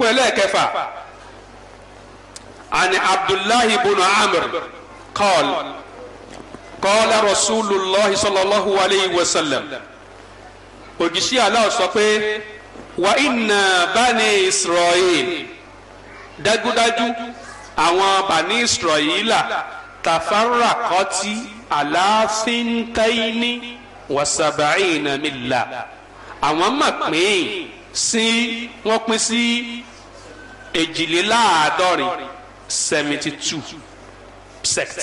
okun ẹlẹ́ẹ̀kẹfà ani abdullahi ibn amr qal qala rasulillah sallallahu alayhi wa sallam ògìṣẹ́ aláwọ̀ sọ pé wa inna bani israel dájúdájú àwọn bani israelila tafarakọti aláfínkáíní wasabaina mila àwọn máa pín sí wọ́n pín sí èjìléláàádọ́rin seventy two sect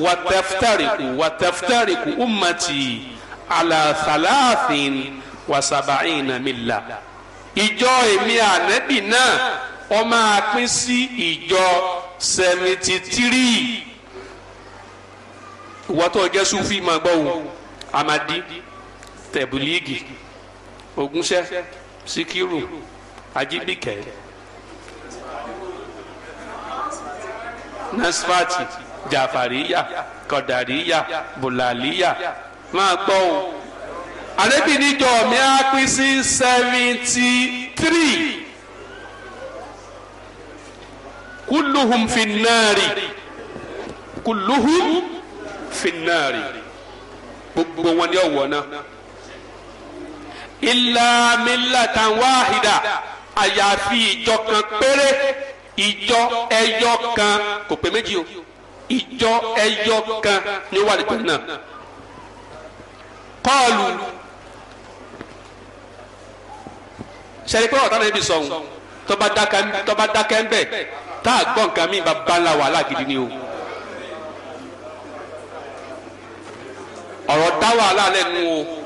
wàtẹ́fítàríkù wàtẹ́fítàríkù ummati alathalafin wasabaina mila ìjọ èmi ànẹ́bì náà ó máa pín sí ìjọ seventy three ìwọ́tọ̀ jẹ́ sufi máa gbọ́ wo amadi tẹ̀bùlíìgì ogunṣẹ́ Síkírù Ajíbíkẹ́ Nasfati Jafariya Kọdariya Bulaliya máa gbọ́ o àrébìnijọ́ mi á pín sí seventy three kulluhum fi nnaari kulluhum fi nnaari gbogbo wọn ni ọwọ náà illa millatan wahida àyàfi ìjọ kan péré ìjọ ẹyọ kan kò pé méjì o ìjọ ẹyọ kan ní wàlìjọ náà kọ́ọ̀lù sẹ́ni pé ọ̀tá náà ibi sọ̀hún tọ́ba dákẹ́ ń bẹ̀ tá a gbọ́ nǹkan mi bàbá ńlá wàhálà gidi ni o. ọ̀rọ̀ dá wàhálà lẹ́nu o.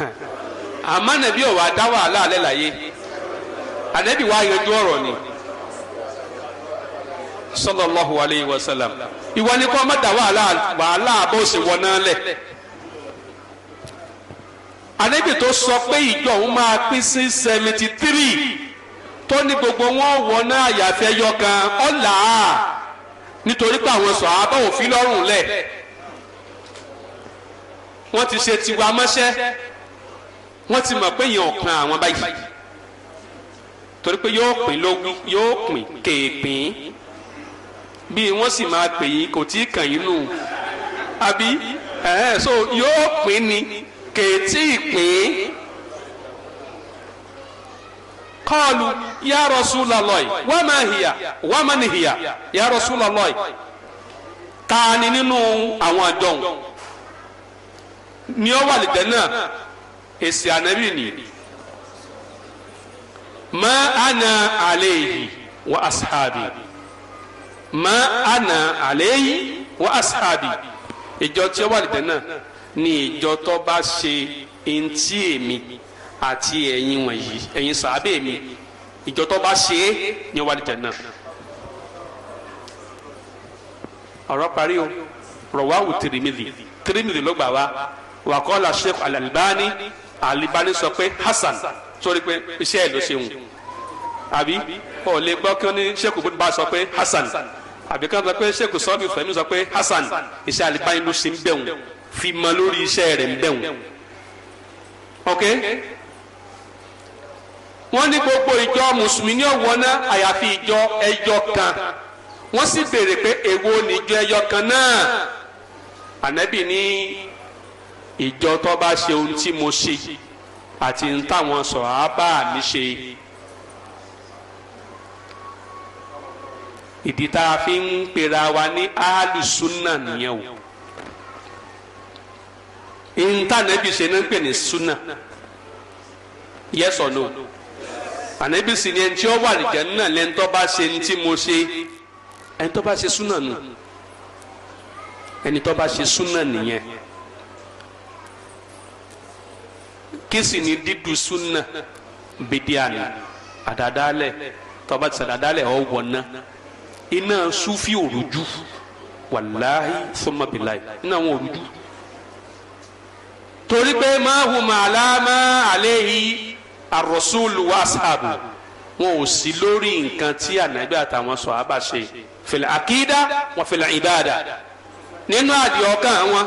àmọ́ nàbí ọ̀wà dá wàhálà alẹ́ láyé ànábì wàá yanjú ọ̀rọ̀ ni sallallahu alayhi wa sallam ìwọ ni kọ́ mọ́tà wàhálà wàhálà bó ṣe wọ náà lẹ̀ ànábì tó sọ pé ìjọ òun máa pín sí seventy three tó ní gbogbo wọn wọ náà àyàfẹ́ yọ kan ọ̀là nítorí pé àwọn sọ̀ abọ́ òfin lọ́rùn lẹ̀ wọ́n ti ṣe tiwa mọ́ṣẹ́ wọ́n ti mọ̀ pé yẹn ọ̀kan àwọn báyìí torí pé yóò pín lógún yóò pín kéèpín bí wọ́n sì máa pè yín kò tí ì kàn yín nù àbí ẹ̀ẹ́n so yóò pín ni kèétí ìpín kọ́ọ̀lù ya Rasulullahi wa ma hiya wa man hiya ya Rasulullahi ta ni nínú àwọn àjọhùn ni ó wà lìjẹ́ náà èsì ànábì ni ma ana alayhi wa ashabi ma ana alayhi wa ashabi ìjọ tí ó wà lìdẹ náà ni ìjọ tó bá ṣe eŋti èmi àti ẹ̀yin wọ̀nyí ẹ̀yin sàábẹ mi ìjọ tó bá ṣe é ni ó wà lìdẹ náà ọ̀rọ̀ parí o rọwáwù Tirmidhi Tirmidhi ló gbà wá wàkọ́lá Sheikh al Alibani sọ pé Hasan sórí pé iṣẹ́ ẹ̀ ló ṣeun àbí ọ̀ lè gbọ́ kí wọ́n ní Sheikh bó ba sọ pé Hasan àbí kí wọ́n sọ pé Sheikh sọ́ọ́bì fẹ̀mí sọ pé Hasan iṣẹ́ Alibani ló ṣe ń bẹ̀wọ̀n fi mọ lórí iṣẹ́ rẹ̀ ń bẹ̀wọ̀n ok wọ́n ní gbogbo ìjọ mùsùlùmí ní ọ̀wọ́ náà àyàfi ìjọ ẹyọ kan wọ́n sì béèrè pé èwo nìjọ ẹyọ kan náà ànábì ní ìjọ tó bá ṣe ohun tí mo ṣe àti ń táwọn sọ̀hábà mi ṣe. ìdí tá a fi ń pera wa ní alùsùnà nìyẹn o ìntànẹ́bì ṣe ní pè ní súnà yes or no ànẹ́bì sì ni ẹni tí ó wà nìjẹ́ náà lẹ́ni tó bá ṣe ní tí mo ṣe ẹni tó bá ṣe súnà nù ẹni tó bá ṣe súnà nìyẹn. kí sì ni dídú súnà bídíà ni àdàdálẹ̀ tọ́ba ti sàdàdálẹ̀ ọ̀ wọ̀nà iná sufi òrùjú wàláhì sọmọbìláì iná àwọn òrùjú torí pé máa hù màálá máa àléhi àròsúlù wàsáàbù wọn ò sí lórí nǹkan tí ànágbé àtàwọn sọ̀hábà ṣe fil àkídá wọn fil ìbáàdà nínú àdìọ́kàn wọn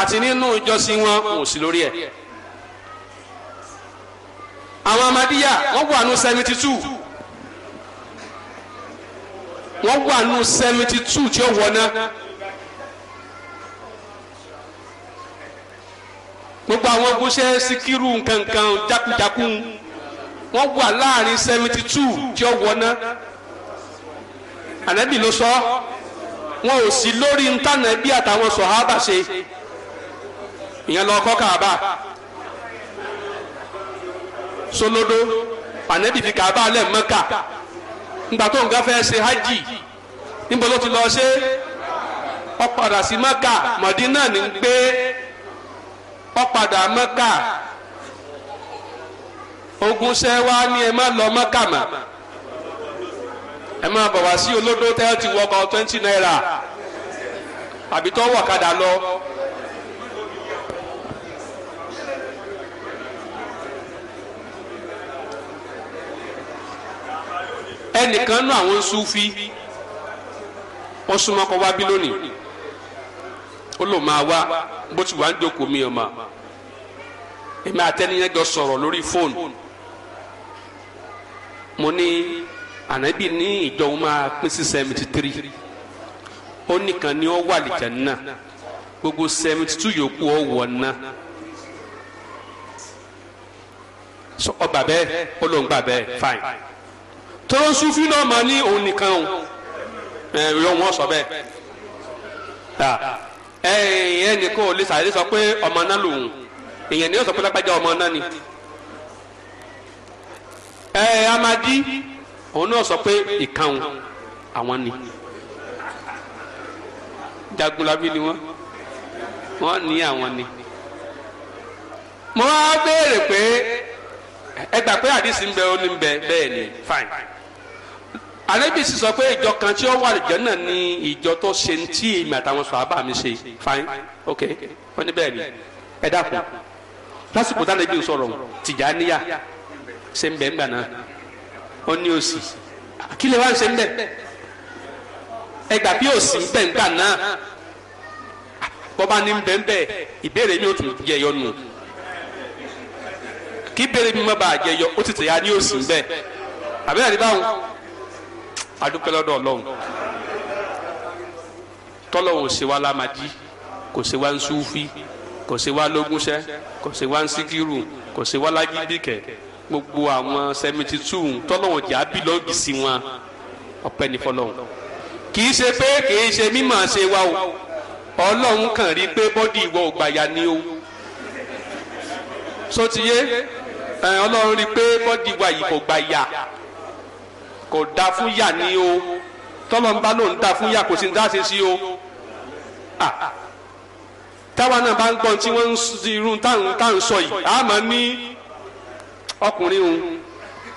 àti nínú ìjọsìn wọn wọn ò sí lórí ẹ̀. àwọn amadiya wọn wà nù seventy two wọ́n wà nù seventy two tí ó wọ̀ gbogbo àwọn gúnṣẹ́ síkírù nkankan jákujákun wọ́n wà láàrin seventy two tí ó wọná ànábì ló sọ wọn ò sí lórí ntànàbí àtàwọn sọ̀hábà ṣe ìyẹn lọ kọ́ kàbà. solodo ànẹ́bì fi kàbá alẹ́ mẹ́kà ńgbà tó hajj níbo ló ti lọ ṣe ó sí mẹ́kà mọ̀dínà ní gbé ó padà ogun ṣẹ́ wá ní ẹ má lọ mẹ́kà mọ́ ẹ má bọ̀ wá sí tẹ́ ti wọkọ̀ twenty naira àbí wọ̀kadà ẹnìkan nú àwọn sufi wọ́n súnmọ́ kọ́ wá bí lónìí ó lò máa wá bó ti wà ń dòkò mi ọ̀ma èmi àtẹniyẹn jọ sọ̀rọ̀ lórí fóònù mo ní ànábì ní ìjọun máa pín sí seventy three ó nìkan ni ó wà lìjà náà gbogbo seventy two yòókù ó wọ̀ náà ọba bẹ́ẹ̀ ó lóun gbà bẹ́ẹ̀ fine. fine. tọ́rọ sufi náà máa ní òun nìkan o ẹ yọ wọn sọ bẹ́ẹ̀ ta ẹ ẹ nìkan ò lè sọ pé ọmọ náà lòun èèyàn ni yóò sọ pé lápájá ọmọ náà ni ẹ amadi òun náà sọ pé ìkan àwọn ni jagunlabi ni wọn wọn ní àwọn ni mo á béèrè pé ẹ gbà pé àdìsí ń bẹ ó ní ń bẹ bẹ́ẹ̀ ni fine. ànábì sì sọ pé ìjọ kan tí ó wà lìjẹ́ náà ni ìjọ tó ṣe ń tí èmi àtàwọn sàhábà mi ṣe fine ok wọ́n ní bẹ́ẹ̀ ni ẹ dákun lásìkò tá ànábì sọ̀rọ̀ Tìjàníyà ṣe ń bẹ̀ ńgbà náà ó ní òsì kí lè wá ń ṣe ń bẹ̀ ẹ gbà bí òsì ń bẹ̀ ńgbà náà bọ́ba ní ń bẹ̀ ń bẹ̀ ìbéèrè mi ò tún yẹ yọnu kí ìbéèrè mi má bàa yẹ yọ ó ti tẹ̀yà ní òsì ń bẹ̀ àbẹ́rẹ́ adúpẹ́ lọ́dọ̀ ọlọ́run tọ́lọ́run ò ṣe wá lámàjí kò ṣe wá ń súfì kò ṣe wá lógúnṣẹ́ kò ṣe wá ń síkírù kò ṣe wá lágídíkẹ̀ gbogbo àwọn seventy two tọ́lọ́run jà bílọ́ọ̀gì sí wọn ọpẹ́ ní fọlọ́run kì í ṣe pé kì í ṣe mímọ̀ ṣe wá o ọlọ́run kàn rí pé bọ́dì ìwọ ò gbàyà ni o sotiye ọlọ́run rí pé bọ́dì wa yìí kò gbàyà. kò da fún yà ni o tọ́lọ́mbá ló ń da fún yà kò sì ń dá sí sí o táwa náà bá ń gbọ́n tí wọ́n ń di irú táwọn táwọn sọ yìí àmọ́ ní ọkùnrin òun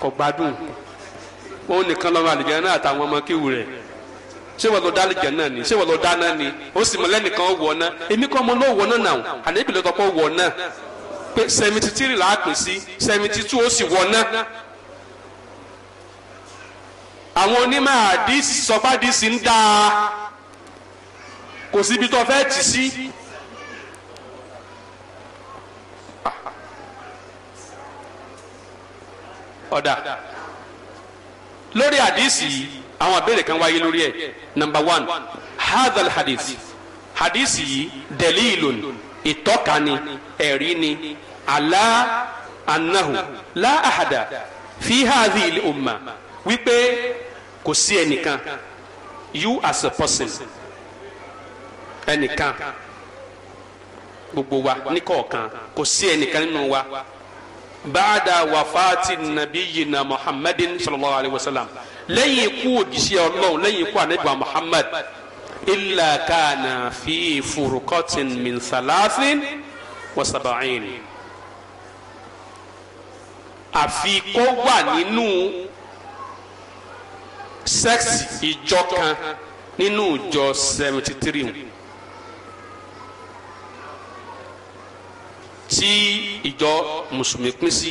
kò gbádùn òun nìkan lọ́wọ́ àlùjẹ́ náà àtàwọn ọmọ kíwù rẹ̀ ṣé wọ́n lọ dá àlùjẹ́ náà ni ṣé wọ́n lọ dá náà ni ó sì mọ lẹ́nìkan wọ̀ náà èmi kọ́ ọmọ náà wọ̀ náà náà àlébìlẹ̀ tọkọ wọ̀ náà pé seventy three là á pè sí seventy two ó sì wọ̀ náà. àwọn onímọ̀ àdìsí sọpádìsí ń dáa kò síbi tó fẹ́ tì sí. ọ̀dà lórí àdìsí àwọn àbẹ̀rẹ̀ kan wáyé lórí ẹ̀ nàmbà one hadal hadith hadìsí yìí dẹ̀líìlòn ìtọ́kani ẹ̀rí ni àlá anahu la ahada fi hadhihi wípé kò sí ẹnìkan you as a person ẹnìkan gbogbo wa níkọ̀ọ̀kan kò sí ẹnìkan nínú wa baada wafati nabiyina muhammadin sallallahu alayhi wa sallam lẹ́yìn ikú òjíṣẹ́ ọlọ́run lẹ́yìn ikú anabiwa muhammad illa kana fi furukotin min salasin wa saba'in àfi kó wà nínú sẹ́ẹ̀sì ìjọ kan nínú ìjọ seventy three tí ìjọ mùsùlùmí pín sí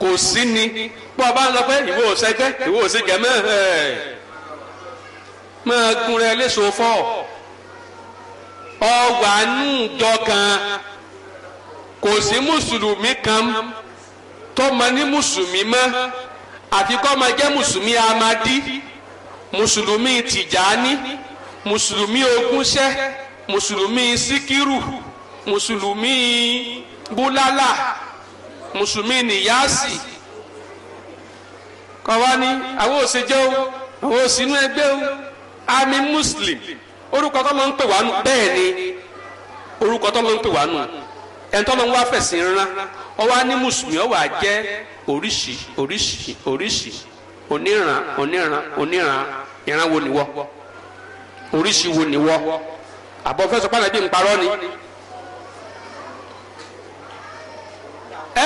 kò sí ni bó a bá ń lọ pé ìwọ òsẹ́gbẹ́ ìwọ òsẹ́gbẹ́ mọ́ ẹ̀ máa gun rẹ léṣo fọ́ ọgbà nù jọ kan kò sí mùsùlùmí kan tó máa ní mùsùlùmí mọ́. àfi kọ́ máa jẹ́ mùsùlùmí amadi mùsùlùmí tìjàní mùsùlùmí ogúnṣẹ́ mùsùlùmí síkírù mùsùlùmí búlálà mùsùlùmí nìyáàsì kọ́ wá ní àwọn òṣèjọ́ àwọn òṣìnú ẹgbẹ́ àmì muslim orúkọ tó ló ń pè wá nù bẹ́ẹ̀ ni orúkọ tó ló ń pè wá nù ẹ̀ńtọ́ ló ń wá fẹ̀sìn rán ọwọ́ á ní mùsùlùmí ọwọ́ á jẹ́ oríṣi oríṣi oríṣi oníran oníran oníran ìran wo nìwọ oríṣi wo nìwọ àbọ̀ fẹ́ sọ pàdánù bí n parọ́ ni.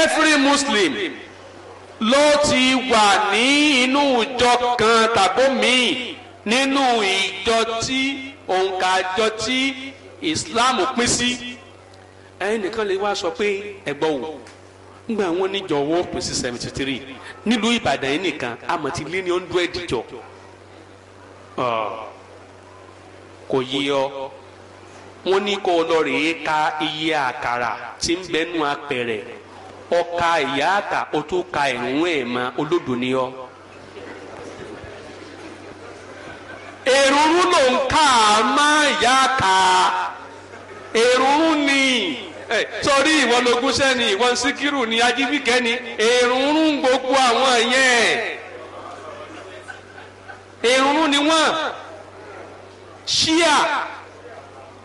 every muslim ló ti wà ní inú ìjọ kan tàbó míì nínú ìjọ tí òǹkà àjọ tí islam pín sí ẹnìkan lè wá sọ pé ẹ̀gbọ́n òun. ngbà wọn níjọ wọ́n pín seventy three ìbàdàn ti lé ní ah, kò yí ọ wọn ní kó lọ rèé ka iye àkàrà tí ń apẹ̀rẹ̀ ọka ìyá àtà o tó ka ìrún ẹ̀ mọ́ olódò ni ọ. èrúurú ló ń kà á yá ni. sọrí ìwọ logúnṣẹ́ ni ìwọ síkírù ni ajíbíkẹ́ ni èrúnrún gbogbo àwọn yẹn èrúnrún ni wọ́n ṣíà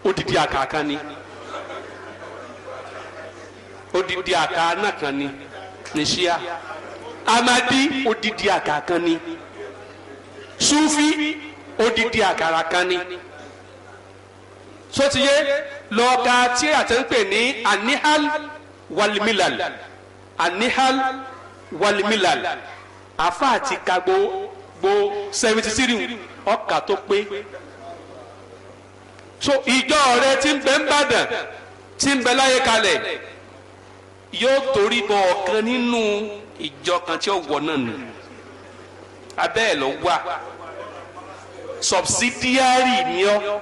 odidi àkàkà ni odidi àkàánà kan ni ni ṣíà amadi odidi àkàkà ni sufi odidi àkàrà kan ni sotiye. So lọ ka tíra tó ń pè ní anihal walimilal anihal walimilal afa àti ka gbogbo seventy three ọkà tó pé so ìjọ rẹ ti ń bẹ ń bàdàn ti ń bẹ láyé kalẹ̀ yóò torí bọ ọ̀kan nínú ìjọ kan tí ó wọ náà nù abẹ́ ẹ̀ lọ wà subsidiary ni ọ́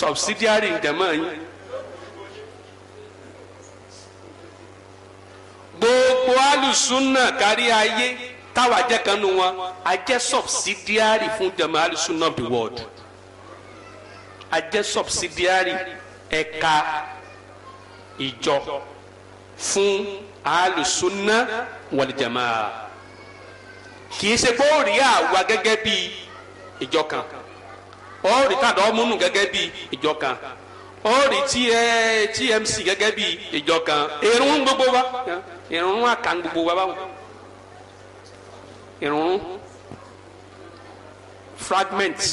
subsidiary ìdẹ̀mọ́ yín. gbogbo alùsùnà kárí ayé táwa jẹ́ kan nu wọn a jẹ́ subsidiary fún jama alùsùnà of the world a jẹ́ subsidiary ẹ̀ka ìjọ fún alùsùnà wàlìjàmá kì í ṣe pé ó rí àwa gẹ́gẹ́ bí ìjọ kan ó rí tàdá ọmúnú gẹ́gẹ́ bí ìjọ kan ó rí tmc gẹ́gẹ́ bí ìjọ kan èrò gbogbo wa. Yeah. ìrùnnú àkàn gbogbo wa báwọn ìrùnnú fragments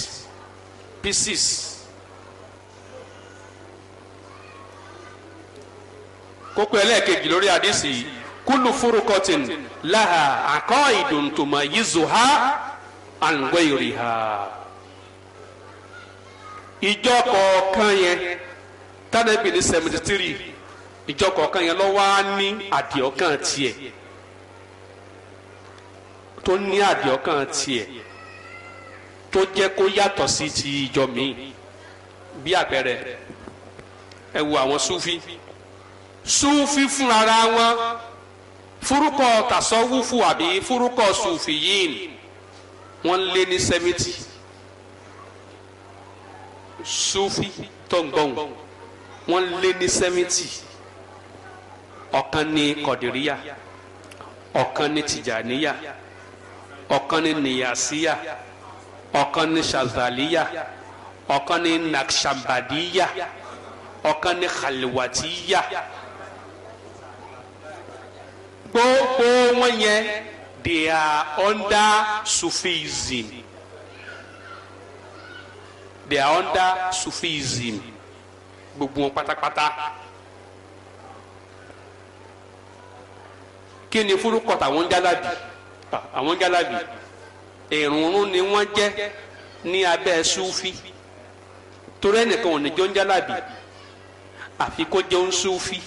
pieces kókó ẹlẹ́ẹ̀kejì lórí àdìsí kúlù fúrukọ́tìn láha àkọ́ ìdòǹtòmọ̀ yìí ha àǹgọ́ ha. ìjọ kọ̀ọ̀kan yẹn tánàbìlì seventy ìjọ kọ̀ọ̀kan yẹn lọ wá ní àdìọ́kàn tiẹ̀ tó ní àdìọ́kàn tiẹ̀ tó jẹ́ kó yàtọ̀ sí ti ìjọ míì bí àpẹẹrẹ ẹ wo àwọn súfí súfí fúnra wọn fúrúkọ tàsọ́wúfù àbí fúrúkọ sùfìyìn wọ́n lé ní sẹ́mìtì súfí tó ń lé ní sẹ́mìtì ọ̀kan ní kọ̀dìríyà ọ̀kan ní tìjàníyà ọ̀kan ní nìyàsíyà ọ̀kan ní ṣàzàlíyà ọ̀kan ní nàkṣàbàdíyà ọ̀kan ní kàlíwàtíyà gbogbo wọn yẹn they are under Sufism they are under Sufism gbogbo wọn pátápátá. kí ni fúrúkọ tàwọn jálàbì àwọn jálàbì ìrùnrún ni wọ́n jẹ́ ní abẹ́ sufi torí ẹnìkan ò ní jọ ń àfi kó jẹ́ ń sufi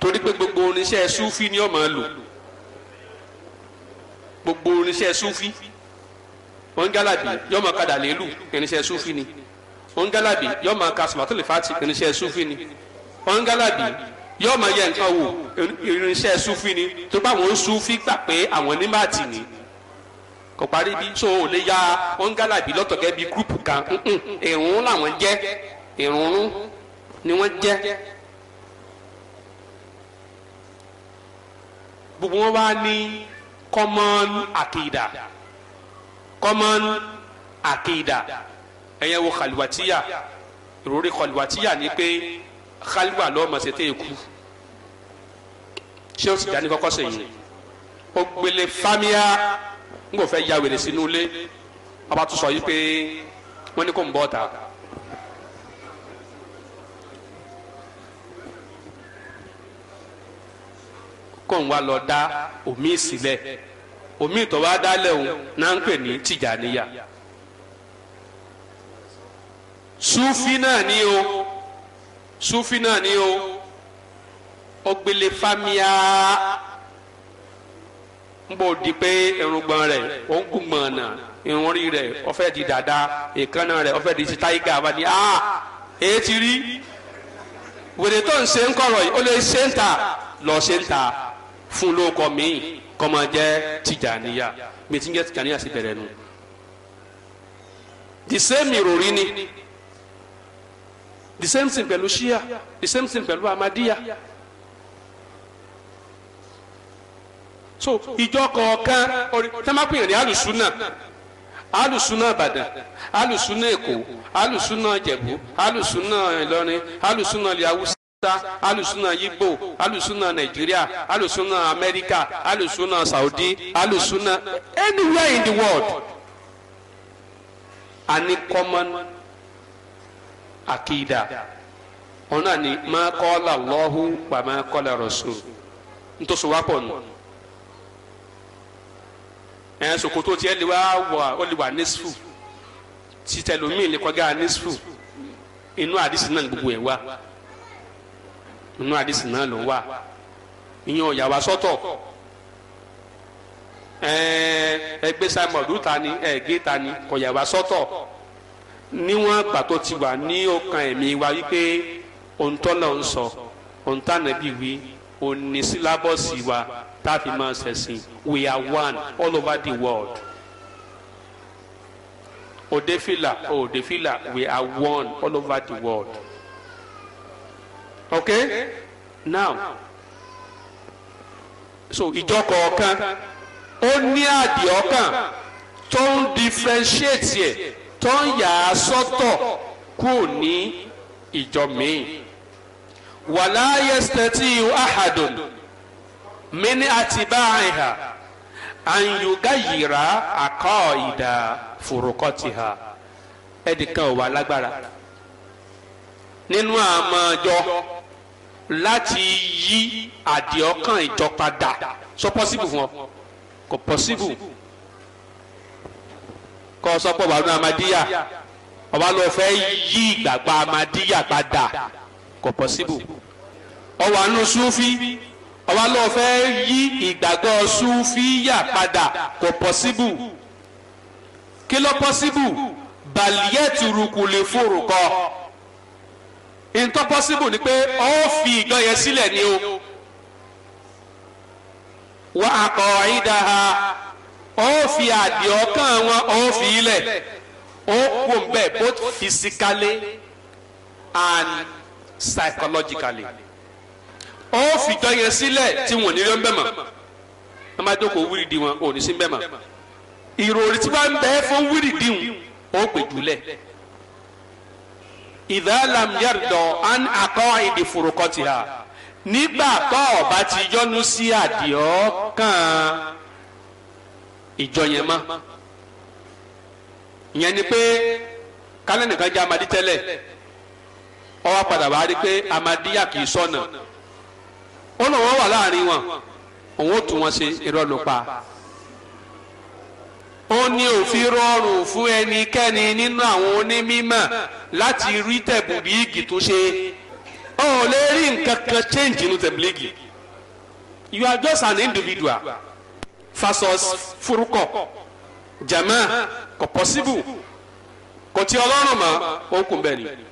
torí pé gbogbo oníṣẹ́ sufi ni ó máa lò gbogbo oníṣẹ́ sufi wọ́n jálàbì yó máa kadà lélù irinṣẹ́ sufi ni wọ́n jálàbì yó máa ka sùmàtòlè fati irinṣẹ́ sufi ni wọ́n jálàbì yóò máa yẹ nǹkan wò irinṣẹ́ sufi ni tó bá wọn sufi gbà pé àwọn onímọ̀tì ni kò parí bí so ò lè ya ongalabi lọ́tọ̀gẹ́ bí gúrùpù kan ìrún làwọn jẹ́ ìrún ni wọ́n jẹ́ gbogbo wọn wá ní common akida common akida ẹ̀yẹ wo kàlùwàtíyà ìròrí kàlùwàtíyà ni pé khaliwa lọ́mọ ṣe tẹ́ ẹ kú ṣé o ti dání kọ́kọ́ sẹ́yìn o gbélé fámíà n kò fẹ́ ya wèrè sínú ilé ọba tó sọ yìí pé wọ́n ní kò ń bọ́ ta. kò ń wá lọ dá omi sílẹ̀ omi ìtọ́ wa dálẹ̀ òun náà ń pè ní tìjàníyà súfì náà o. sufi náà ni o ọgbẹlẹ fámíà ń bò di pé irùngbọ̀n rẹ̀ ó ń gùn gbọ̀nà irun rí rẹ̀ ó di dada èékánná rẹ ó fẹ́ di ti táyígà wá ní a èyí ti rí wèrè tó ń ṣe ń kọ̀rọ̀ yìí ó lè ṣe ń ta lọ ṣe ń ta fún lóko míì kọ́mọ jẹ́ tìjàníyà mi ti ń jẹ́ tìjàníyà sí bẹ̀rẹ̀ nu the same ìròrí ni. the same thing pẹ̀lú shia the same thing pẹ̀lú amadiya so ìjọ kọ̀ọ̀kan tẹ́mápìyàn ní alùsùnà alùsùnà ìbàdàn alùsùnà èkó alùsùnà ìjẹ̀bú alùsùnà ìlọrin alùsùnà ilẹ̀ haúsá alùsùnà yíbò alùsùnà nàìjíríà alùsùnà amẹ́ríkà alùsùnà saudi alùsùnà anywhere in the world a ní common akida òun ni máa kọ́lá Allahu wà máa kọ́lá Rasul nítòsí wá pọ̀ nù ẹ̀ ṣòkòtò tiẹ̀ lè wá wà ó lè wà nísfù títẹ̀lómìn lè kọjá nísfù inú àdìsí na gbogbo ẹ̀ inu inú àdìsí náà wa níwọ̀n pàtó ti wà ní ọkàn ẹ̀mí wa wípé òǹtọ́lọ̀ ń sọ òǹtànàbí wí òní sílábọ̀sì wa tá máa ṣẹ̀sìn we are one all over the world òdefìlà òdefìlà oh, we are one all over the world okay, now so ìjọ kọ̀ọ̀kan ó ní àdìọ́kàn tó ń differentiate yẹ tó ń yà á sọ́tọ̀ kú ní ìjọ míì wàlá yẹsítẹ́tì ahadun mini atibaiha anyugayira akọ́ọ̀ìdà furukọ́tìha ẹnìkan ò wà lágbára nínú àmọ́ ọjọ́ láti yí àdìọ́kàn ìjọ sọ pọ́sibù fún ọ kò pọ́sibù kọ́ sọ́pọ̀ wà nù amadíyà ọba lọ fẹ́ yí ìgbàgbọ́ amadíyà padà kò pọ́síbù ọwà nù súfì ọba lọ fẹ́ yí ìgbàgbọ́ súfìyà padà kò pọ́síbù kí ló pọ́síbù bàlíyẹ̀tì rukùlé fòrùkọ ntọ́ pọ́síbù ni pé ó fi ìjọ yẹn ni o wà á kọ́ ayídáha ó fi àdì ọkàn wọn ó fi ilẹ̀ ó kú mbẹ both physically and psychologically ó fi jọyẹ sílẹ̀ tí wọn ò ní lọ mbẹ mọ́ ẹ má dókòó wíìdì wọn ò ní sí mbẹ mọ́ ìròrí tí wọn bẹ fún wíìdì wọn ó pè jùlẹ̀ ìdálàm yàrdọ̀ an akọ́ ìdí furukọ́ ti ha nígbà tó ọba ti yọnu sí àdìọ́ kan ìjọ ìyẹn ni pé kálẹ̀ jẹ́ amadi tẹ́lẹ̀ ó padà wá rí pé amadiya kì í sọ̀nà ó lọ́wọ́ wà láàrin wọn òun ó tún wọn ṣe irọ́ ló pa ó ní òfin rọrùn fún ẹnikẹ́ni nínú àwọn onímímọ̀ láti rí tẹ̀bùbíìgì tó ṣe ó lè rí nǹkan kan change nínú tẹ̀bùbíìgì you are just an individual fasos furukọ jama kò pọsibu kò tí ọlọ́run mọ́ ó kún bẹ́ẹ̀ ni.